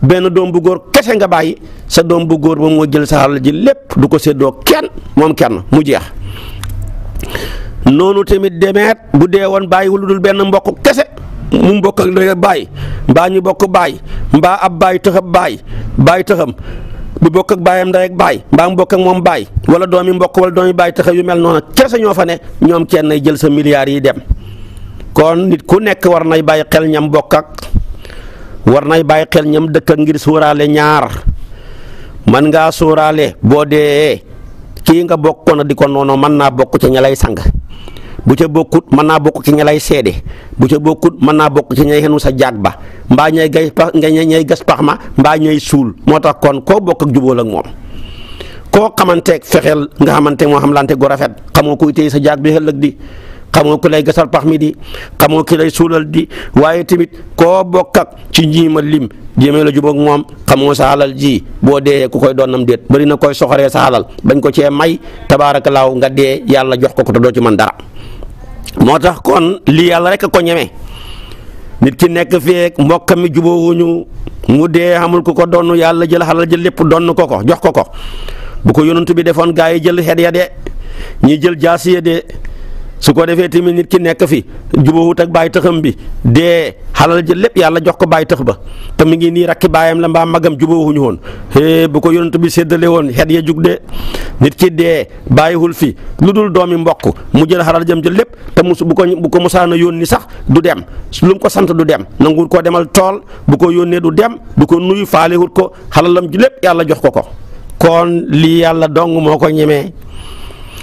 S1: benn doom bu góor kese nga bàyyi sa doom bu góor ba moo jël sa alal ji lépp du ko séddoo kenn moom kenn mu jeex noonu tamit demeet bu dee woon bàyyiwul dul benn mbokk kese mu mbokk ak rek bàyyi mbaa ñu bokk bàyyi mbaa ab bàyyi tëxam bàyyi bàyyi tëxam bu bokk ak baayam ndey ak baay mbaa mu bokk ak moom baay wala doomi mbokk wala doomi baay taxaw yu mel noonu kese ñoo fa ñoom kenn jël sa milliards yi dem kon nit ku nekk war nay bàyyi xel ñam bokk ak war nay bàyyi xel ñam dëkk ngir sóoraale ñaar man ngaa sóoraale boo dee kii nga bokkoon di ko noonu mën naa bokk ca ña lay sang bu ca bokkut mën naa bokk ci ña lay seede bu ca bokkut mën naa bokk ci ñay xenu sa jaag ba mbaa ñay gas pax ñay gas pax ma mbaa ñay suul moo tax kon koo bokk ak jubóol ak moom koo xamanteeg fexeel nga xamante moo xam lante gu rafet xamoo kuy téye sa jaag bi ëllëg di xam xamoo ku lay gasal pax mi di xamoo ki lay suulal di waaye tamit koo bokk ak ci njiima lim jéemee la jubóog moom xamoo sa alal ji boo dee ku koy doonam déet bari na koy soxoree sa alal bañ ko cee may tabaarakallaahu nga dee yàlla jox ko ko te doo ci man dara moo tax kon lii yàlla rek ko ñeme nit nekk feek mbokk mi jubóowuñu mu dee amul ku ko donn yàlla jël xalal jël lépp donn ko ko jox ko ko bu ko yonent bi defoon gaa yi jël xet de ñi jël jaasi ya de su ko defee tamit nit ki nekk fi jubawut ak bàyyi taxam bi dee xalal jël lépp yàlla jox ko bàyyi tax ba te mu ngi nii rakki baayam la mbaa magam ñu woon bu ko yonent bi séddale woon xet ya jug de nit ki dee bàyyiwul fi lu dul doomi mbokk mu jël xalal jëm jël lépp te mu bu ko bu ko musaana yónni sax du dem lu mu ko sant du dem nanguwul koo demal tool bu ko yónnee du dem du ko nuyu faalewut ko xalalam ji lépp yàlla jox ko ko kon lii yàlla dong moo ko ñemee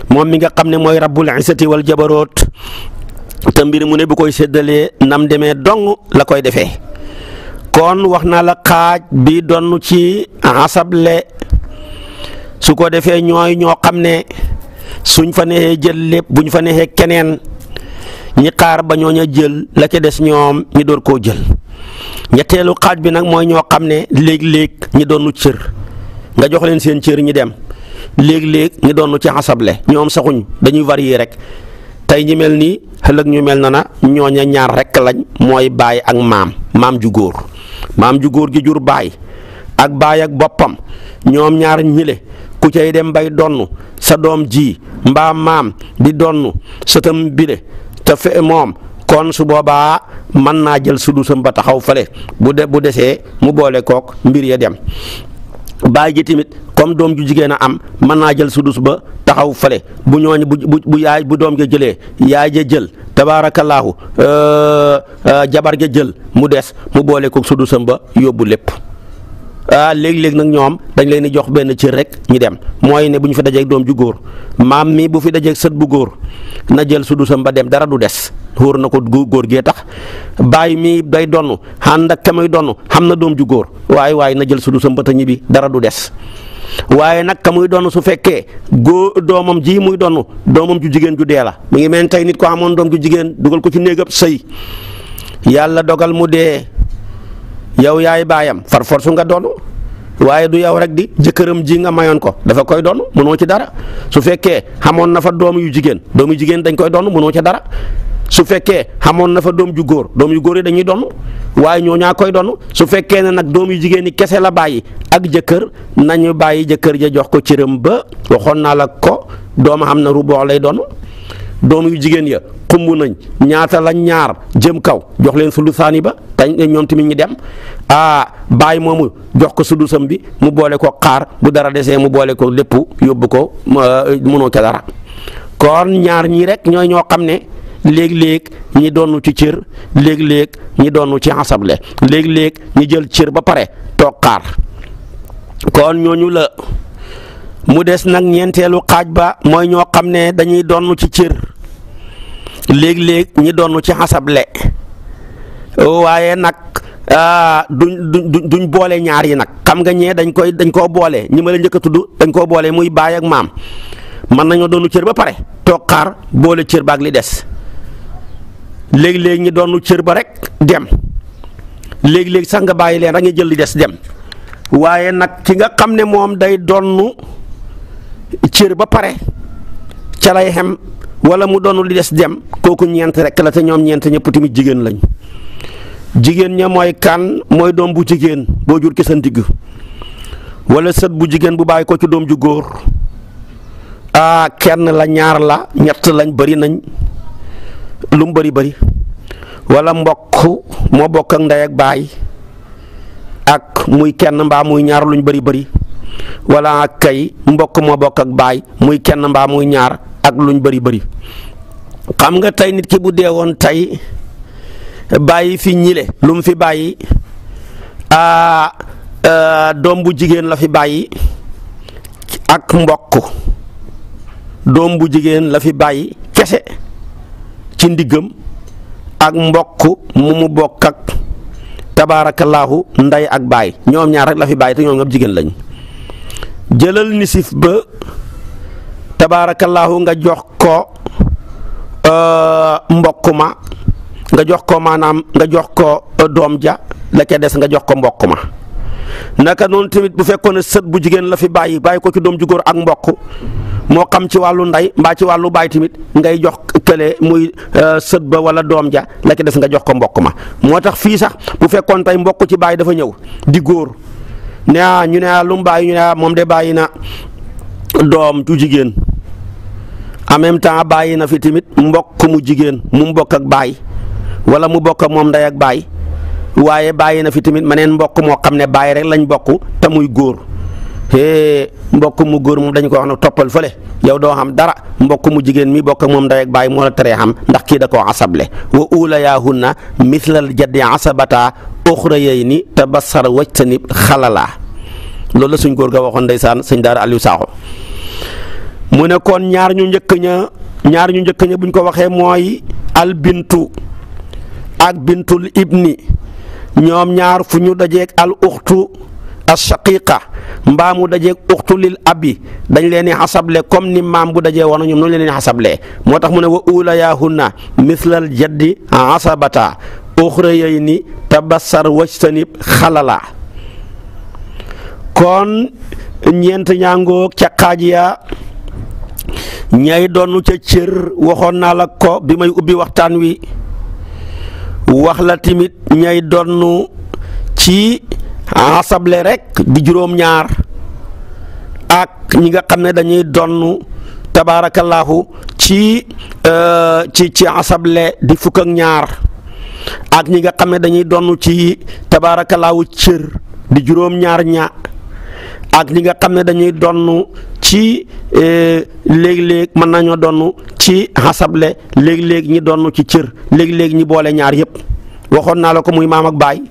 S1: moom mi nga xam ne mooy rabbul isati wal jabaroot te mu ne bu koy séddalee nam demee dong la koy defee kon wax naa la xaaj bi donn ci asable su ko defee ñooy ñoo xam ne suñ fa neexee jël lépp buñ fa neexee keneen ñi xaar ba ñooñ jël la ca des ñoom ñi door koo jël ñetteelu xaaj bi nag mooy ñoo xam ne léeg-léeg ñi doonu cër nga jox leen seen cër ñi dem léegi léeg ñu doon ci xasable ñoom saxuñ dañuy varier rek tey ñi mel nii xëlëg ñu mel na na ñooña ñaar rekk lañ mooy baay ak maam maam ju góor maam ju góor gi jur baay ak baay ak boppam ñoom ñaar ñile ku cay dem bay donnu sa doom ji mbaa maam di sa sëtam bile te fe moom kon su boobaa mën naa jël sudusam ba taxaw fale bu de bu desee mu boole kook mbir ya dem baay ji tamit comme doom ju jigéen am mën naa jël sudus ba taxaw fale bu ñooñ bu bu bu yaay bu doom ja jëlee yaay ja jël tabaarakallaahu euh, euh, jabar ja jël mu des mu boole ko sudusam ba yóbbu lépp ah léegi-léegi nag ñoom dañ leen di jox benn cër rek ñu dem mooy ne bu ñu fi dajeeg doom ju góor maam mi bu fi dajeeg sët bu góor na jël sudusam ba dem dara du des wóor na ko góor gee tax baay mi day donn ànd ak kamay donn xam na doom ju góor waaye waaye na jël sudusam ba ta ñibbi dara du des waaye nag ka muy donn su fekkee góo doomam ji muy donn doomam ju jigéen ju dee la mu ngi mel tey nit ko amoon doom ju jigéen dugal ko ci néegam sëy yàlla dogal mu dee yow yaay baayam far forsu nga donn waaye du yow rek di jëkkëram ji nga mayoon ko dafa koy doon mënoo ci dara su fekkee xamoon na fa doom yu jigéen doom jigéen dañ koy doon mënoo ci dara su fekkee xamoon na fa doom ju góor doom yu góor yi dañuy donn waaye ñoo ñaa koy donn su fekkee ne nag doom yu jigéen ñi kese la bàyyi ak jëkkër nañu bàyyi jëkkër ja jox ko cëram ba waxoon naa la ko doom xam na ruboox lay donn doom yu jigéen ya xumb nañ ñaata lañ ñaar jëm kaw jox leen sulusaani ba tañ ñoom tamit ñi dem ah bàyyi moomu jox ko sulusam bi mu boole ko xaar bu dara desee mu boole ko lépp yóbbu ko euh, mënoo ca dara kon ñaar ñii rek ñooy ñoo xam ne léeg-léeg ñi donnu ci cër léeg-léeg ñi donnu ci asable léeg-léeg ñi jël cër ba pare toog xaar kon ñooñu la mu des nag ñeenteelu xaaj ba mooy ñoo xam ne dañuy donnu ci cër léeg-léeg ñi donnu ci asable waaye nag du duñ duñ duñ boole ñaar yi nag xam nga ñee dañ koy dañ koo boole ñi ma la njëkk a tudd dañ koo boole muy baay ak maam mën nañoo doonu cër ba pare toog xaar boole cër baag li des léegi-léegi ñi doonu cër ba rek dem léegi léeg sax nga bàyyi leen rek nga jël li des dem waaye nag ki nga xam ne moom day doonu cër ba pare ca lay xem wala mu doonu li des dem kooku ñeent rek la te ñoom ñeent ñëpp tamit jigéen lañ jigéen ña mooy kan mooy doom bu jigéen boo jur ki sa ndigg wala sët bu jigéen bu bàyyi ko ci doom ju góor ah kenn la ñaar la ñett lañ bari nañ lu mu bari bëri wala mbokk moo bokk ak ndey ak baay ak muy kenn mbaa muy ñaar luñ bëri bëri wala ak kay mbokk moo bokk ak baay muy kenn mbaa muy ñaar ak luñ bëri bëri xam nga tey nit ki bu dee woon tey bàyyi fi ñile lu mu fi bàyyi doom bu jigéen la fi bàyyi ak mbokk doom bu jigéen la fi bàyyi kese ci ndiggam ak mbokk mu mu bokk ak tabaarakallaahu ndey ak baay ñoom ñaar rek la fi bàyyi te ñoom ñëpp jigéen lañ jëlal nisif ba tabaarakallaahu nga jox ko euh, mbokk ma nga jox ko maanaam nga jox ko euh, doom ja la ca des nga jox ko mbokk ma naka noonu tamit bu fekkoon ne sët bu jigéen la fi bàyyi bàyyi ko ci doom ju góor ak mbokk moo xam ci wàllu ndey mbaa ci wàllu baay tamit ngay jox kële muy euh, sët ba wala doom ja la ca nga jox ko mbokk ma moo tax fii sax bu fekkoon tey mbokk ci baay dafa ñëw di góor ne ah, ñu ne ah lu ñu ne ah, moom de bàyyi na doom ju jigéen en même temps bàyyi na fi tamit mbokk mu jigéen mu mbokk ak baay wala mu bokk moom ndey ak baay waaye bàyyi na fi tamit meneen mbokk moo xam ne baay rek lañ bokk te muy góor. hee mbokk mu góor moom dañu ko wax na toppal fële yow doo xam dara mbokk mu jigéen mi bokk ak moom ndey ak baay moo la teree xam ndax kii da koo asable wa ulayaahunna mislal jaddi asabata oxra yey ni te basar waj sa ni xalalaa loolu la suñ góor ga waxoon ndeysaan suñ daara Aliou Sakho mu ne kon ñaar ñu njëkk ña ñaar ñu njëkk ña buñ ko waxee mooy al bintu ak bintul ibni ñoom ñaar fu ñu dajeek al uxtu ashaqiqa mbaa mu dajeeg uxtu abi dañ leen di comme ni maam bu dajee woon ñoom noonu leen di moo tax mu ne wa ulayahunna mislal jaddi asabata uxrayay ni tabassar wajtanib xalala kon ñeent ñaangoog ca xaaj ya ñay doonu ca cër waxoon naa la ko bi may ubbi waxtaan wi wax la timit ñay doonu ci asable rek di juróom-ñaar ak ñi nga xam ne dañuy donn tabaarakallaahu ci euh, ci ci asable di fukk ñaar ak ñi nga xam ne dañuy donn ci tabaarakallaahu cër di juróom-ñaar ak ñi nga xam ne dañuy donn ci euh, léeg-léeg mën nañoo donn ci asable léeg-léeg ñi donn ci cër léeg-léeg ñi boole ñaar yëpp waxoon naa la ko muy maam ak baay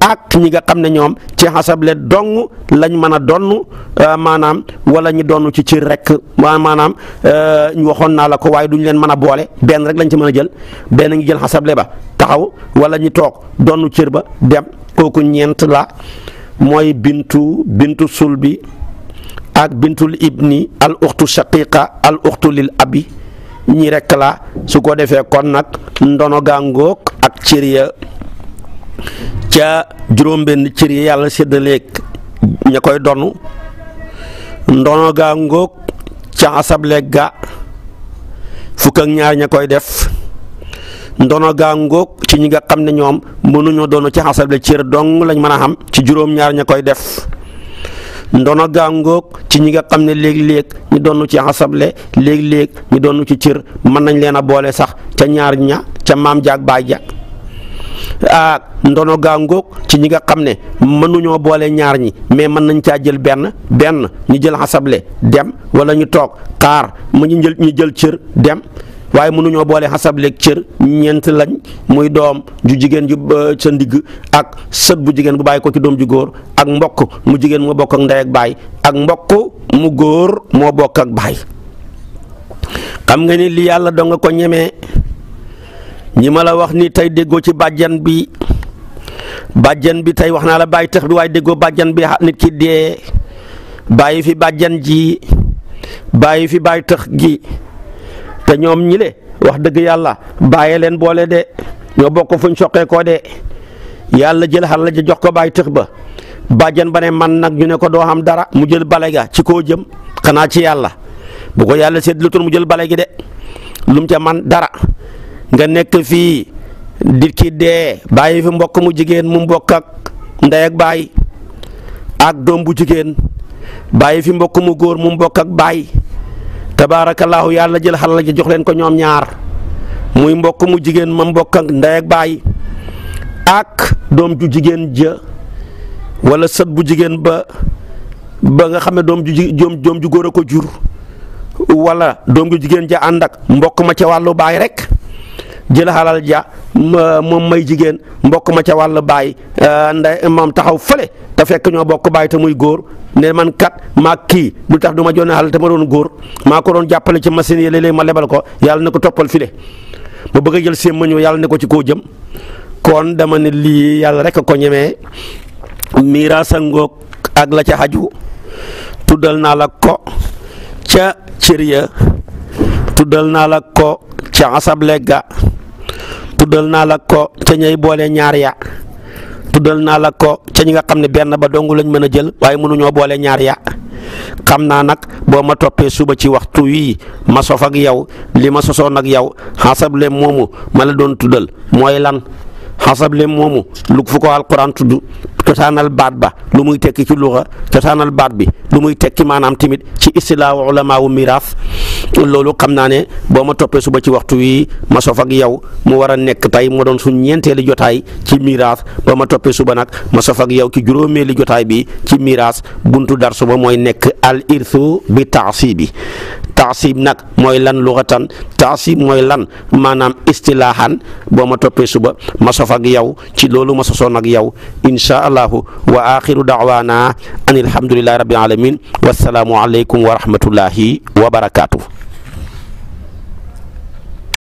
S1: ak ñi nga xam ne ñoom ci xasable dong lañ mën a donn euh, maanaam wala ñu donn ci ci rek maanaam euh, ñu waxoon naa la ko waaye duñ leen mën a boole benn rek lañ ci mën a jël benn ngi jël xasable ba taxaw wala ñu toog donn cër ba dem kooku ñeent la mooy bintu bintu sulbi ak bintul ibni al uxtu shaqiqa al uxtu lil abi ñi rek la su ko defee kon nag ndono gaa ak cër ca juróom-benn cër yi yàlla séddaleeg ña koy donn ndono gaa ngóog ca ga fukk ñaar ña koy def ndono gaa ci ñi nga xam ne ñoom mënuñoo doon ci asableeg cër dong lañ mën a xam ci juróom-ñaar ña koy def ndono gaa ngóog ci ñi nga xam ne léeg-léeg ñu doon ci asable léeg-léeg ñu doon ci cër mën nañ leen a boole sax ca ñaar ña ca maam jaag baay ja ah ndono gaa ngoog ci ñi nga xam ne mënuñoo boole ñaar ñi mais mën nañ caa jël benn benn ñu jël xasable dem walla ñu toog xaar mu ñu jël ñu jël cër dem waaye mënuñoo boole xasableeg cër ñeent lañ muy doom ju jigéen ju sa ndigg ak sët bu jigéen bu bàyyi ko ci doom ju góor ak mbokk mu jigéen moo bokk ak ndey ak baay ak mbokk mu góor moo bokk ak baay xam nga ni li yàlla doo nga ko ñemee ñi ma la wax ni tey déggoo ci bàjjan bi bàjjan bi tey wax naa la bàyyi tax bi waaye déggoo bàjjan bi nit ki dee bàyyi fi bàjjan ji bàyyi fi bàyyi tax gi te ñoom ñi le wax dëgg yàlla bàyyee leen boole de ñoo bokk fuñ soqee koo de yàlla jël xarala ja jox ko bàyyi tëx ba bàjjan ba ne man nag ñu ne ko doo xam dara mu jël bale ga ci koo jëm xanaa ci yàlla bu ko yàlla séddlutoon mu jël bale gi de lum ca man dara nga nekk fii di ki dee bàyyi fi mbokk mu jigéen mu mbokk ak ndey ak baay ak doom bu jigéen bàyyi fi mbokk mu góor mu mbokk ak baay tabaarakallaahu yàlla jël xalal ji jox leen ko ñoom ñaar muy mbokk mu jigéen ma mbokk ak ndey ak baay ak doom ju jigéen ja wala sët bu jigéen ba ba nga xam ne doom ju doom ju góor a ko jur wala doom ju jigéen ja ànd ak mbokk ma ca wàllu baay rekk jël xalal ja moom may jigéen mbokk ma ca wàll baay euh, nday moom taxaw fale te fekk ñoo bokk baay ta muy góor ne man kat maa kii lu tax du ma jonne xalal te ma doon góor maa ko doon jàppale ci machine yi léeg ma lebal ko yàlla na ko toppal file ma bëgg a jël seen mëñu yàlla ne ko ci koo jëm dama ne lii yàlla rek ko ñemee miiraasa ngoog ak la ca xaju tuddal naa la ko ca cër ya tuddal naa la tuddal naa la ko ca boole ñaar ya tuddal naa la ko ca ñi nga xam ne benn ba dong lañ mën a jël waaye mënuñoo boole ñaar ya xam naa nag boo ma toppee suba ci waxtu wii ma sof ak yow li ma sosoon ak yow xasab moomu ma la doon tuddal mooy lan xasab lem moomu lu fu ko alquran tudd cosaanal baat ba lu muy tekki ci luxa cosaanal baat bi lu muy tekki maanaam tamit ci istilaahu ulamaawu miraas loolu xam naa ne boo ma toppee suba ci waxtu wi ma sof ak yow mu war a nekk tey ma doon suñ ñeenteeli jotaay ci miraas boo ma toppee suba nag ma sof ak ki ci juróomeeli jotaay bi ci miraas buntu darsu ba mooy nekk al irsu bi taasibi taasib nag mooy lan luxatan taasib mooy lan maanaam istilaahan boo ma toppee suba ma sof ak yow ci loolu ma sosoon ak yow insha allahu wa axiru daawaana an alhamdulillahi rabbil alamin wassalaamu aleykum wa rahmatullahi wa barakaatu